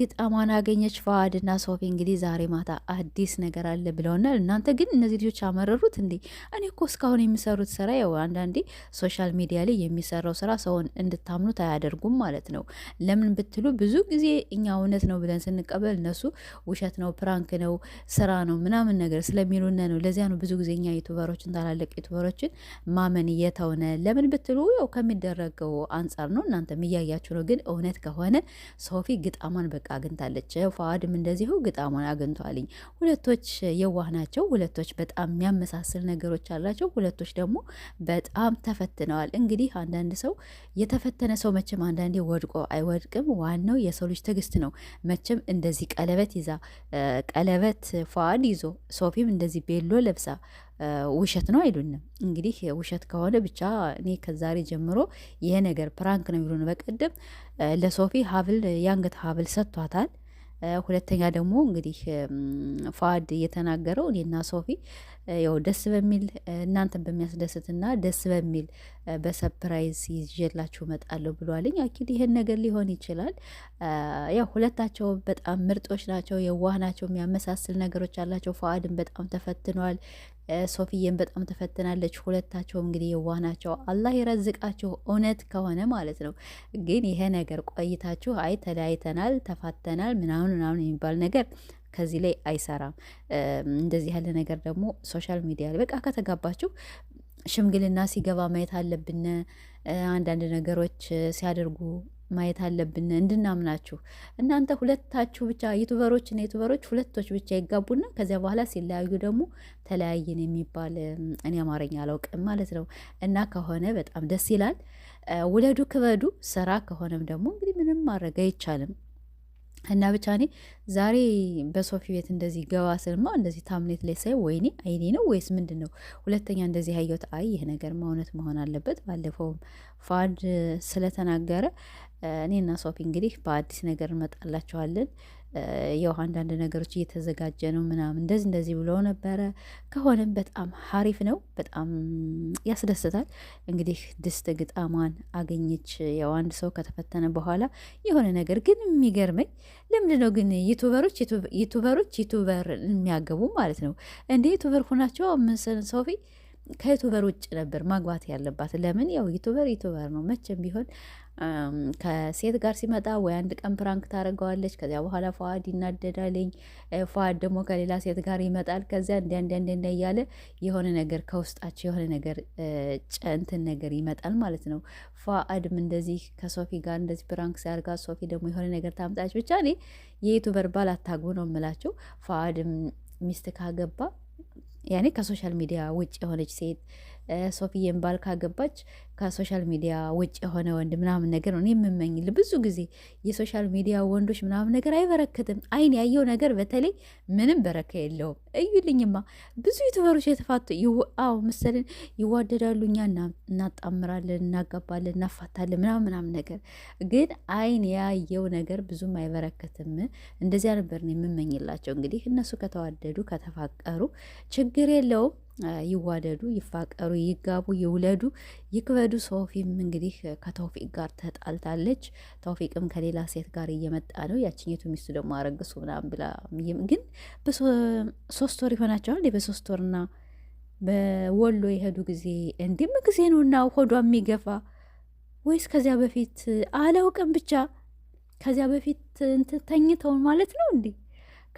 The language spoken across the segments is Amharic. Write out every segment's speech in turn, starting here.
ግጣሟን አገኘች። ፈዋድና ሶፊ እንግዲህ ዛሬ ማታ አዲስ ነገር አለ ብለውናል። እናንተ ግን እነዚህ ልጆች አመረሩት እንዴ? እኔ እኮ እስካሁን የሚሰሩት ስራ ያው አንዳንዴ ሶሻል ሚዲያ ላይ የሚሰራው ስራ ሰውን እንድታምኑት አያደርጉም ማለት ነው። ለምን ብትሉ ብዙ ጊዜ እኛ እውነት ነው ብለን ስንቀበል እነሱ ውሸት ነው፣ ፕራንክ ነው፣ ስራ ነው ምናምን ነገር ስለሚሉነ ነው። ለዚያ ነው ብዙ ጊዜ እኛ ዩቱበሮችን ታላለቅ ዩቱበሮችን ማመን እየተውነ። ለምን ብትሉ ያው ከሚደረገው አንጻር ነው። እናንተ እያያችሁ ነው። ግን እውነት ከሆነ ሶፊ ግጣሟን በቃ አግኝታለች። ፈዋድም እንደዚሁ ግጣሙን አግኝቷልኝ። ሁለቶች የዋህ ናቸው። ሁለቶች በጣም የሚያመሳስል ነገሮች አላቸው። ሁለቶች ደግሞ በጣም ተፈትነዋል። እንግዲህ አንዳንድ ሰው የተፈተነ ሰው መቼም አንዳንዴ ወድቆ አይወድቅም። ዋናው የሰው ልጅ ትዕግስት ነው። መቼም እንደዚህ ቀለበት ይዛ ቀለበት ፏድ ይዞ ሶፊም እንደዚህ ቤሎ ለብሳ ውሸት ነው አይሉንም። እንግዲህ ውሸት ከሆነ ብቻ እኔ ከዛሬ ጀምሮ ይሄ ነገር ፕራንክ ነው የሚሉን። በቀደም ለሶፊ ሀብል የአንገት ሀብል ሰጥቷታል። ሁለተኛ ደግሞ እንግዲህ ፋድ እየተናገረው እኔና ሶፊ ያው ደስ በሚል እናንተን በሚያስደስትና ደስ በሚል በሰፕራይዝ ይዤላችሁ እመጣለሁ ብሏልኝ። አኪድ ይህን ነገር ሊሆን ይችላል። ያው ሁለታቸው በጣም ምርጦች ናቸው፣ የዋህ ናቸው፣ የሚያመሳስል ነገሮች አላቸው። ፈዋድን በጣም ተፈትኗል። ሶፊየን በጣም ተፈትናለች። ሁለታቸው እንግዲህ የዋህ ናቸው። አላህ የረዝቃችሁ እውነት ከሆነ ማለት ነው። ግን ይሄ ነገር ቆይታችሁ አይ ተለያይተናል፣ ተፋተናል ምናምን ምናምን የሚባል ነገር ከዚህ ላይ አይሰራም። እንደዚህ ያለ ነገር ደግሞ ሶሻል ሚዲያ ላይ በቃ ከተጋባችሁ ሽምግልና ሲገባ ማየት አለብን። አንዳንድ ነገሮች ሲያደርጉ ማየት አለብን እንድናምናችሁ። እናንተ ሁለታችሁ ብቻ ዩቱበሮች እና ዩቱበሮች ሁለቶች ብቻ ይጋቡና ከዚያ በኋላ ሲለያዩ ደግሞ ተለያየን የሚባል እኔ አማርኛ አላውቅም ማለት ነው። እና ከሆነ በጣም ደስ ይላል። ውለዱ ክበዱ። ስራ ከሆነም ደግሞ እንግዲህ ምንም ማድረግ አይቻልም። እና ብቻ እኔ ዛሬ በሶፊ ቤት እንደዚህ ገባ ስልማ እንደዚህ ታምኔት ላይ ሳይ ወይኔ አይኔ ነው ወይስ ምንድን ነው? ሁለተኛ እንደዚህ ያየሁት አይ ይህ ነገር እውነት መሆን አለበት። ባለፈውም ፋድ ስለተናገረ እኔና ሶፊ እንግዲህ በአዲስ ነገር እንመጣላችኋለን። ያው አንዳንድ ነገሮች እየተዘጋጀ ነው ምናምን እንደዚህ እንደዚህ ብለው ነበረ። ከሆነም በጣም ሀሪፍ ነው፣ በጣም ያስደስታል። እንግዲህ ድስት ግጣሟን አገኘች። ያው አንድ ሰው ከተፈተነ በኋላ የሆነ ነገር ግን የሚገርመኝ ለምንድን ነው ግን ዩቱበሮች ዩቱበሮች ዩቱበር የሚያገቡ ማለት ነው እንደ ዩቱበር ሆናቸው ምስል ሶፊ ከዩቱበር ውጭ ነበር ማግባት ያለባት። ለምን ያው ዩቱበር ዩቱበር ነው መቼም ቢሆን ከሴት ጋር ሲመጣ ወይ አንድ ቀን ፕራንክ ታደርገዋለች። ከዚያ በኋላ ፏድ ይናደዳልኝ። ፏድ ደግሞ ከሌላ ሴት ጋር ይመጣል። ከዚያ እንዲ እንዲ እንዲ እያለ የሆነ ነገር ከውስጣቸው የሆነ ነገር ጨንትን ነገር ይመጣል ማለት ነው። ፏድም እንደዚህ ከሶፊ ጋር እንደዚህ ፕራንክ ሲያርጋ፣ ሶፊ ደግሞ የሆነ ነገር ታምጣች። ብቻ እኔ የዩቱበር ባል አታግቡ ነው የምላቸው። ፏድም ሚስት ካገባ ያኔ ከሶሻል ሚዲያ ውጭ የሆነች ሴት ሶፊዬን ባል ካገባች ከሶሻል ሚዲያ ውጭ የሆነ ወንድ ምናምን ነገር ነው እኔ የምመኝል። ብዙ ጊዜ የሶሻል ሚዲያ ወንዶች ምናምን ነገር አይበረክትም። አይን ያየው ነገር በተለይ ምንም በረከ የለውም። እዩልኝማ ብዙ ዩቱበሮች የተፋቱ አዎ መሰልን ይዋደዳሉ። እኛ እናጣምራለን፣ እናጋባለን፣ እናፋታለን ምናምን ምናምን ነገር ግን አይን ያየው ነገር ብዙም አይበረክትም። እንደዚያ ነበር ነው የምመኝላቸው። እንግዲህ እነሱ ከተዋደዱ ከተፋቀሩ ችግር የለውም። ይዋደዱ፣ ይፋቀሩ፣ ይጋቡ፣ ይውለዱ፣ ይክበዱ። ሶፊም እንግዲህ ከተውፊቅ ጋር ተጣልታለች። ተውፊቅም ከሌላ ሴት ጋር እየመጣ ነው። ያችኛቱ ሚስቱ ደግሞ አረግሱ ምናምን ብላ ግን በሶስት ወር ይሆናቸዋል። በሶስት ወርና በወሎ የሄዱ ጊዜ እንዲም ጊዜ ነው እና ሆዷ የሚገፋ ወይስ ከዚያ በፊት አላውቅም። ብቻ ከዚያ በፊት እንትን ማለት ነው እንዴ?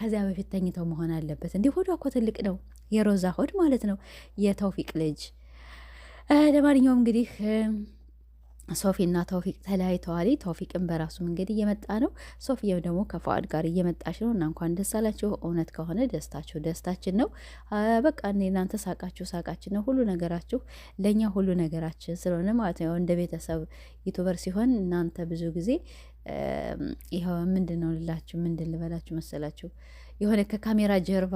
ከዚያ በፊት ተኝተው መሆን አለበት እንዴ? ሆዷ እኮ ትልቅ ነው። የሮዛ ሆድ ማለት ነው፣ የተውፊቅ ልጅ። ለማንኛውም እንግዲህ ሶፊና ተውፊቅ ተለያይተዋል። ተውፊቅን በራሱ መንገድ እየመጣ ነው። ሶፊየም ደግሞ ከፈዋድ ጋር እየመጣች ነው እና እንኳን ደስ አላችሁ። እውነት ከሆነ ደስታችሁ ደስታችን ነው። በቃ እናንተ ሳቃችሁ ሳቃችን ነው። ሁሉ ነገራችሁ ለእኛ ሁሉ ነገራችን ስለሆነ ማለት ነው። እንደ ቤተሰብ ዩቱበር ሲሆን እናንተ ብዙ ጊዜ ይኸው ምንድን ነው ልላችሁ፣ ምንድን ልበላችሁ መሰላችሁ፣ የሆነ ከካሜራ ጀርባ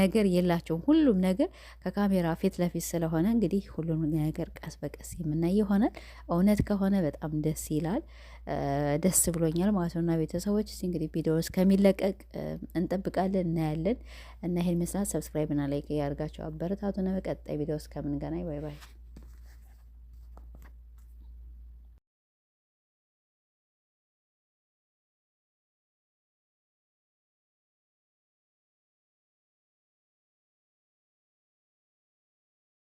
ነገር የላቸውም። ሁሉም ነገር ከካሜራ ፊት ለፊት ስለሆነ እንግዲህ ሁሉም ነገር ቀስ በቀስ የምናይ ይሆናል። እውነት ከሆነ በጣም ደስ ይላል። ደስ ብሎኛል ማለት ነው። እና ቤተሰቦች እስኪ እንግዲህ ቪዲዮ እስከሚለቀቅ እንጠብቃለን፣ እናያለን። እና ይህን መስራት ሰብስክራይብና ላይክ እያደርጋችሁ አበረታቱን። በቀጣይ ቪዲዮ እስከምንገናኝ ባይ ባይ።